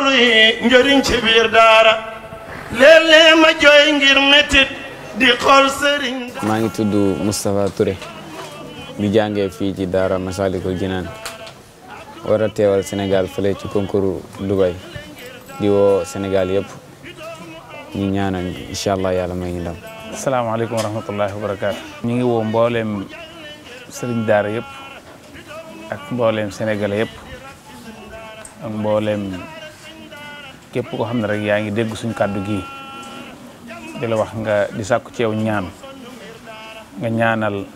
góorgóorlu yi ma jooy ngir métit di xool sëriñ maa ngi tudd Moustapha ture di jàngee fii ci daara Masalikul Jinaan war a teewal Sénégal fële ci concours Dubaï di woo Sénégal yëpp ñu ñaanal incha allah yàlla may ñu ndam asalaamaaleykum wa rahmatullahi wa barakaatu ñu ngi woo mbooleem sëriñ daara yëpp ak mbooleem sénégalais yëpp ak mbooleem képp ko xamne rek yaangi ngi dégg suñ gi di la wax nga di sakku ci yow ñaan nga ñaanal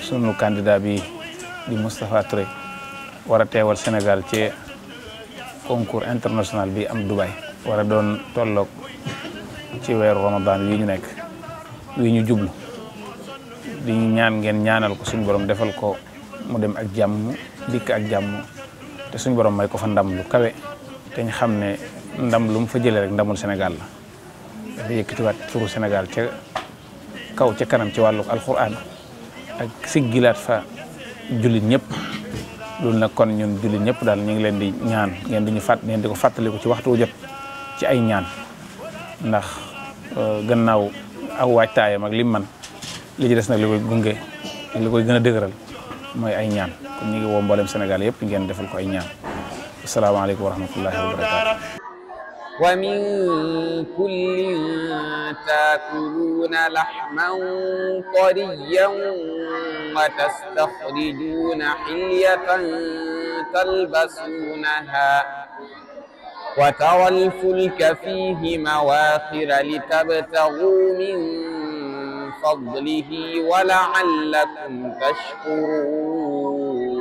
suñu candidat bi di Mustafa Touré wara téwal Sénégal ci concours international bi am Dubai waradon doon tolloog ci wéru Ramadan wi ñu nek wi ñu jublu di ñaan ngeen ñaanal ko suñu borom defal ko mu dem ak jamm dik ak jamm te suñu borom may ko fa ndam lu kawé dañ xamné ne ndam lu mu fa jël rek ndamul Sénégal la dafa wat turu Sénégal ci kaw ci kanam ci walu alcorane ak siggilaat fa julit ñëpp loolu nak kon ñun julit ñëpp daal ñi ngi leen di ñaan ngeen di ñu fàtt ngeen di ko fàttaliku ci waxtu jot ci ay ñaan ndax euh, gannaaw aw waajtaayam ak lim man li ci dess nak li koy gungé li koy gëna a dëgëral mooy ay ñaan kon ngi wo mbolem Sénégal yëpp ngeen defal ko ay ñaan السلام عليكم ورحمة الله وبركاته ومن كل تاكلون لحما طريا وتستخرجون حلية تلبسونها وترى الفلك فيه مواخر لتبتغوا من فضله ولعلكم تشكرون